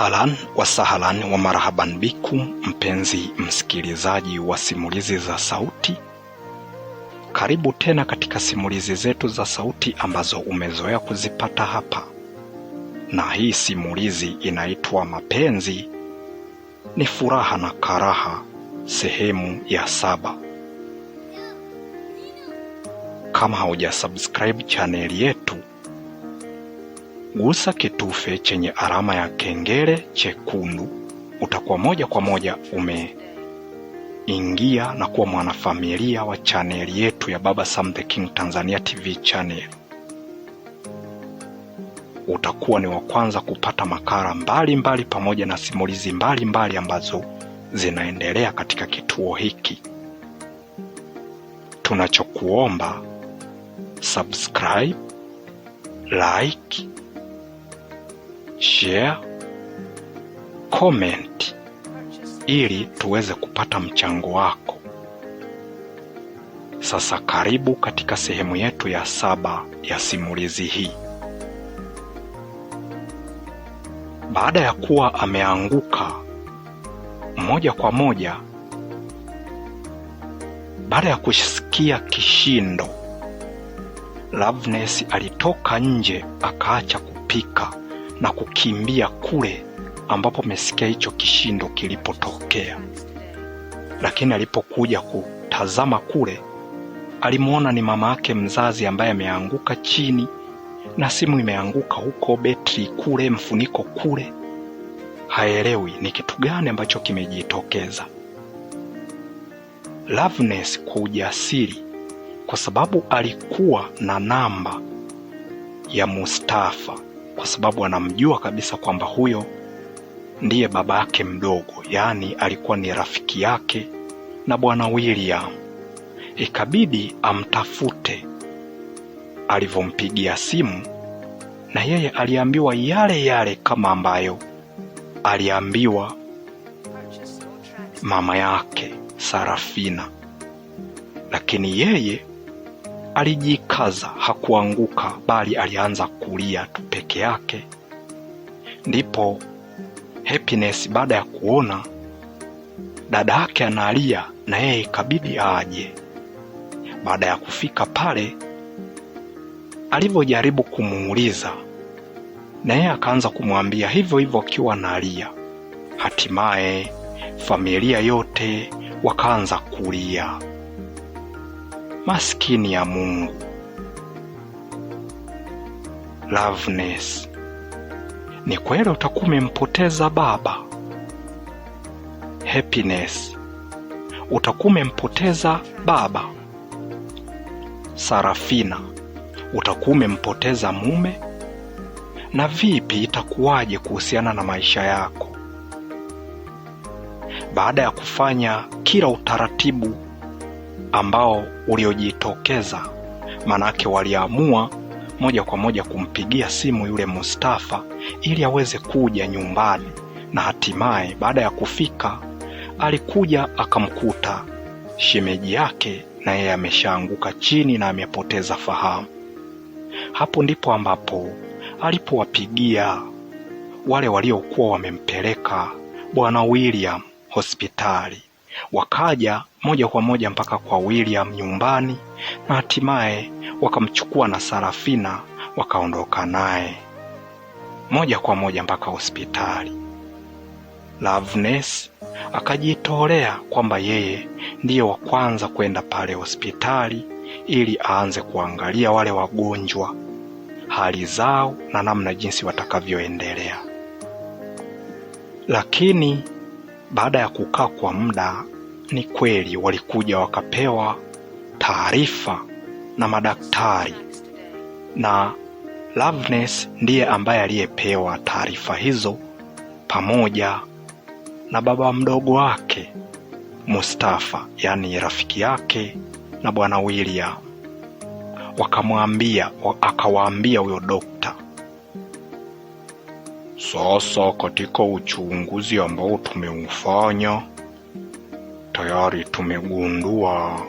Ahlan wa sahlan wa marhaban bikum, mpenzi msikilizaji wa simulizi za sauti, karibu tena katika simulizi zetu za sauti ambazo umezoea kuzipata hapa, na hii simulizi inaitwa Mapenzi ni Furaha na Karaha sehemu ya saba. Kama subscribe chaneli yetu Gusa kitufe chenye alama ya kengele chekundu, utakuwa moja kwa moja umeingia na kuwa mwanafamilia wa chaneli yetu ya Baba Sam the King Tanzania TV channel. Utakuwa ni wa kwanza kupata makala mbalimbali mbali pamoja na simulizi mbalimbali mbali ambazo zinaendelea katika kituo hiki. Tunachokuomba subscribe, like share, comment ili tuweze kupata mchango wako. Sasa karibu katika sehemu yetu ya saba ya simulizi hii. Baada ya kuwa ameanguka moja kwa moja, baada ya kusikia kishindo, Loveness alitoka nje akaacha kupika na kukimbia kule ambapo amesikia hicho kishindo kilipotokea. Lakini alipokuja kutazama kule, alimwona ni mama yake mzazi ambaye ameanguka chini na simu imeanguka huko, betri kule, mfuniko kule. Haelewi ni kitu gani ambacho kimejitokeza. Loveness kwa ujasiri, kwa sababu alikuwa na namba ya Mustafa kwa sababu anamjua kabisa kwamba huyo ndiye baba yake mdogo, yaani alikuwa ni rafiki yake na bwana William. Ikabidi amtafute. Alivyompigia simu, na yeye aliambiwa yale yale kama ambayo aliambiwa mama yake Sarafina, lakini yeye Alijikaza hakuanguka bali alianza kulia tu peke yake. Ndipo Happiness baada ya kuona dada yake analia, na yeye ikabidi aje. Baada ya kufika pale, alivyojaribu kumuuliza, na yeye akaanza kumwambia hivyo hivyo akiwa analia. Hatimaye familia yote wakaanza kulia. Maskini ya Mungu. Loveness, ni kweli utakuwa umempoteza baba. Happiness, utakuwa umempoteza baba. Sarafina, utakuwa umempoteza mume. Na vipi, itakuwaje kuhusiana na maisha yako baada ya kufanya kila utaratibu ambao uliojitokeza manake waliamua moja kwa moja kumpigia simu yule Mustafa ili aweze kuja nyumbani, na hatimaye baada ya kufika alikuja akamkuta shemeji yake na yeye ameshaanguka chini na amepoteza fahamu. Hapo ndipo ambapo alipowapigia wale waliokuwa wamempeleka Bwana William hospitali Wakaja moja kwa moja mpaka kwa William nyumbani na hatimaye wakamchukua na Sarafina wakaondoka naye moja kwa moja mpaka hospitali. Loveness akajitolea kwamba yeye ndiye wa kwanza kwenda pale hospitali ili aanze kuangalia wale wagonjwa, hali zao na namna jinsi watakavyoendelea, lakini baada ya kukaa kwa muda, ni kweli walikuja wakapewa taarifa na madaktari, na Loveness ndiye ambaye aliyepewa taarifa hizo pamoja na baba mdogo wake Mustafa, yaani rafiki yake na bwana William, wakamwambia akawaambia huyo dokta sasa katika uchunguzi ambao tumeufanya tayari tumegundua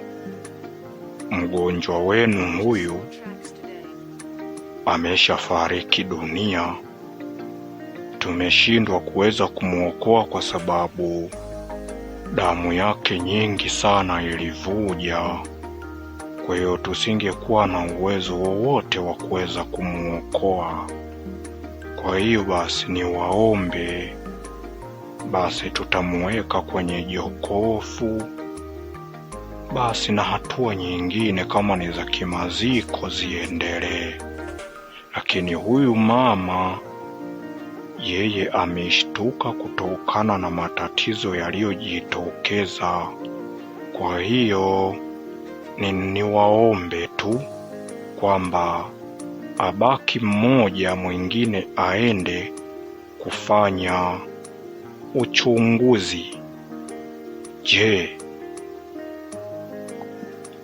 mgonjwa wenu huyu ameshafariki dunia. Tumeshindwa kuweza kumwokoa kwa sababu damu yake nyingi sana ilivuja, kwa hiyo tusingekuwa na uwezo wowote wa kuweza kumwokoa. Kwa hiyo basi niwaombe basi, tutamuweka kwenye jokofu basi, na hatua nyingine kama ni za kimaziko ziendelee, lakini huyu mama yeye ameshtuka kutokana na matatizo yaliyojitokeza. Kwa hiyo ni niwaombe tu kwamba abaki mmoja mwingine aende kufanya uchunguzi je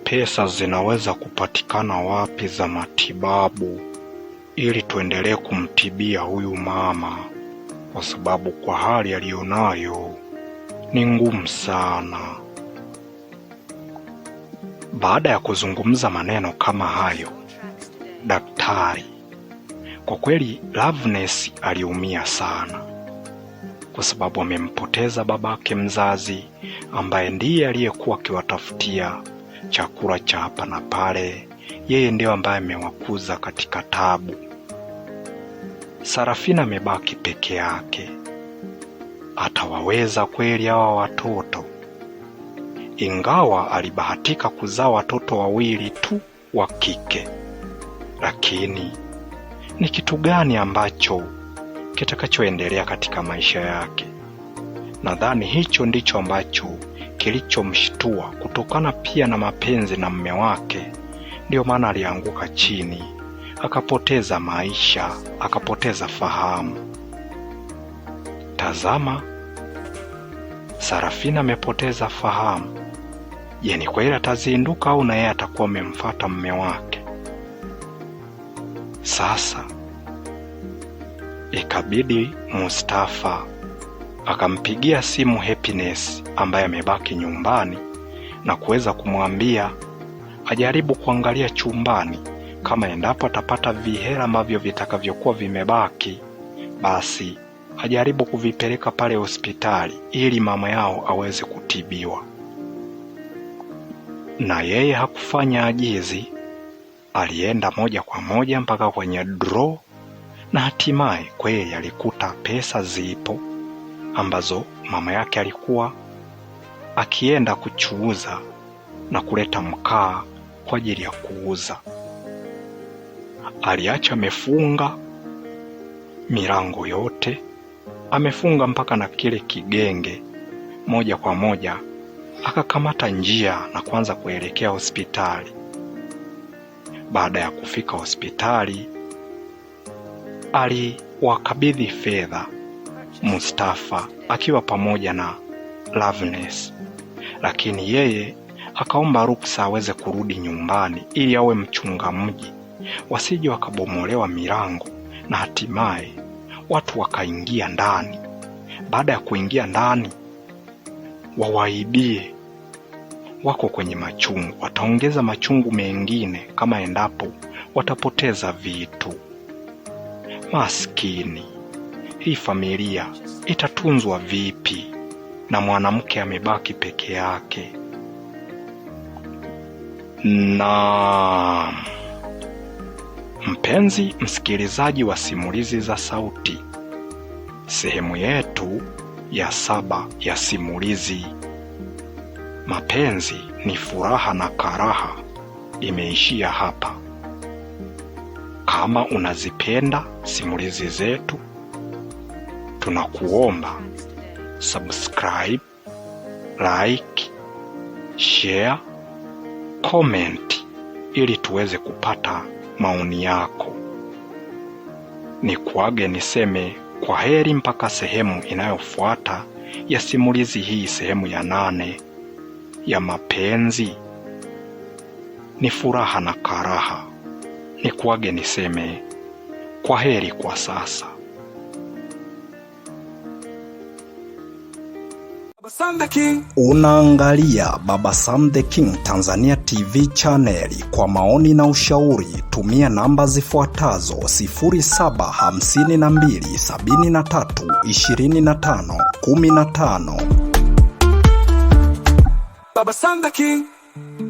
pesa zinaweza kupatikana wapi za matibabu ili tuendelee kumtibia huyu mama kwa sababu kwa hali aliyonayo ni ngumu sana. Baada ya kuzungumza maneno kama hayo, daktari hatari. Kwa kweli Loveness aliumia sana, kwa sababu amempoteza babake mzazi ambaye ndiye aliyekuwa akiwatafutia chakula cha hapa na pale. Yeye ndiyo ambaye amewakuza katika tabu. Sarafina amebaki peke yake. Atawaweza kweli hawa watoto? Ingawa alibahatika kuzaa watoto wawili tu wa kike lakini ni kitu gani ambacho kitakachoendelea katika maisha yake? Nadhani hicho ndicho ambacho kilichomshtua kutokana pia na mapenzi na mme wake, ndiyo maana alianguka chini akapoteza maisha, akapoteza fahamu. Tazama, Sarafina amepoteza fahamu. Je, ni kweli atazinduka au na yeye atakuwa amemfata mme wake? Sasa ikabidi Mustafa akampigia simu Happiness ambaye amebaki nyumbani na kuweza kumwambia ajaribu kuangalia chumbani kama endapo atapata vihela ambavyo vitakavyokuwa vimebaki basi ajaribu kuvipeleka pale hospitali ili mama yao aweze kutibiwa. Na yeye hakufanya ajizi, Alienda moja kwa moja mpaka kwenye draw, na hatimaye kweye alikuta pesa zipo ambazo mama yake alikuwa akienda kuchuuza na kuleta mkaa kwa ajili ya kuuza. Aliacha amefunga milango yote, amefunga mpaka na kile kigenge. Moja kwa moja akakamata njia na kuanza kuelekea hospitali. Baada ya kufika hospitali, aliwakabidhi fedha Mustafa akiwa pamoja na Loveness, lakini yeye akaomba ruksa aweze kurudi nyumbani ili awe mchunga mji, wasije wakabomolewa milango na hatimaye watu wakaingia ndani. Baada ya kuingia ndani, wawaibie wako kwenye machungu, wataongeza machungu mengine kama endapo watapoteza vitu. Maskini, hii familia itatunzwa vipi na mwanamke amebaki peke yake? Na mpenzi msikilizaji wa simulizi za sauti, sehemu yetu ya saba ya simulizi Mapenzi ni furaha na karaha, imeishia hapa. Kama unazipenda simulizi zetu, tunakuomba subscribe, like, share, comment ili tuweze kupata maoni yako. Ni kuage niseme kwa heri mpaka sehemu inayofuata ya simulizi hii, sehemu ya nane ya mapenzi? Ni furaha na karaha, ni kuage niseme kwa heri kwa sasa. Unaangalia Baba Sam the King Tanzania TV channel Kwa maoni na ushauri tumia namba zifuatazo: 0752732515 Baba sen de king